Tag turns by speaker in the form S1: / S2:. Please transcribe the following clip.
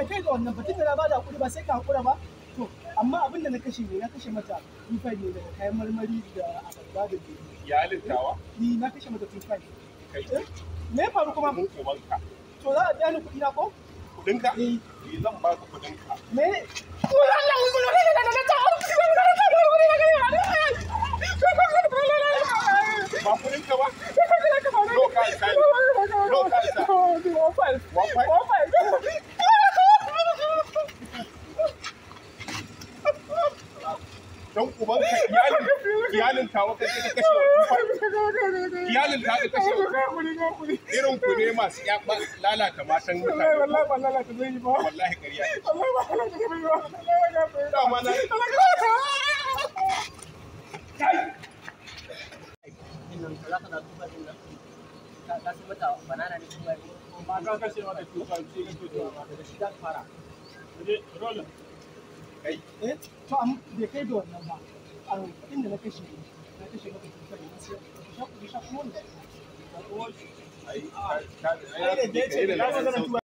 S1: bai kai ga wannan ba tunda na bada kuɗi ba sai ka hakura ba to amma abin da na kashe ne na kashe mata tufai ne daga kayan marmari da abarba da biyu ya halittawa ni na kashe mata tufai me faru kuma ubanka to za a biya ni kuɗi na ko kuɗin ka eh zan ba ka kuɗin ka me to Allah mun zo ne da da ta ba kuɗin ka ba local local 1.5 dan uban ka iyalin iyalin ta wata ce kashe iyalin ta ta kashe irin ku ne masu ya lalata matan mutane wallahi ba lalata zai yi ba wallahi ƙarya wallahi ba lalata zai yi ba na kai kuma kai eh, eh to bai kai da wannan ba a da na kashe na kashe maka sai ai ai ai ai ai ai ai ai ai ai ai ai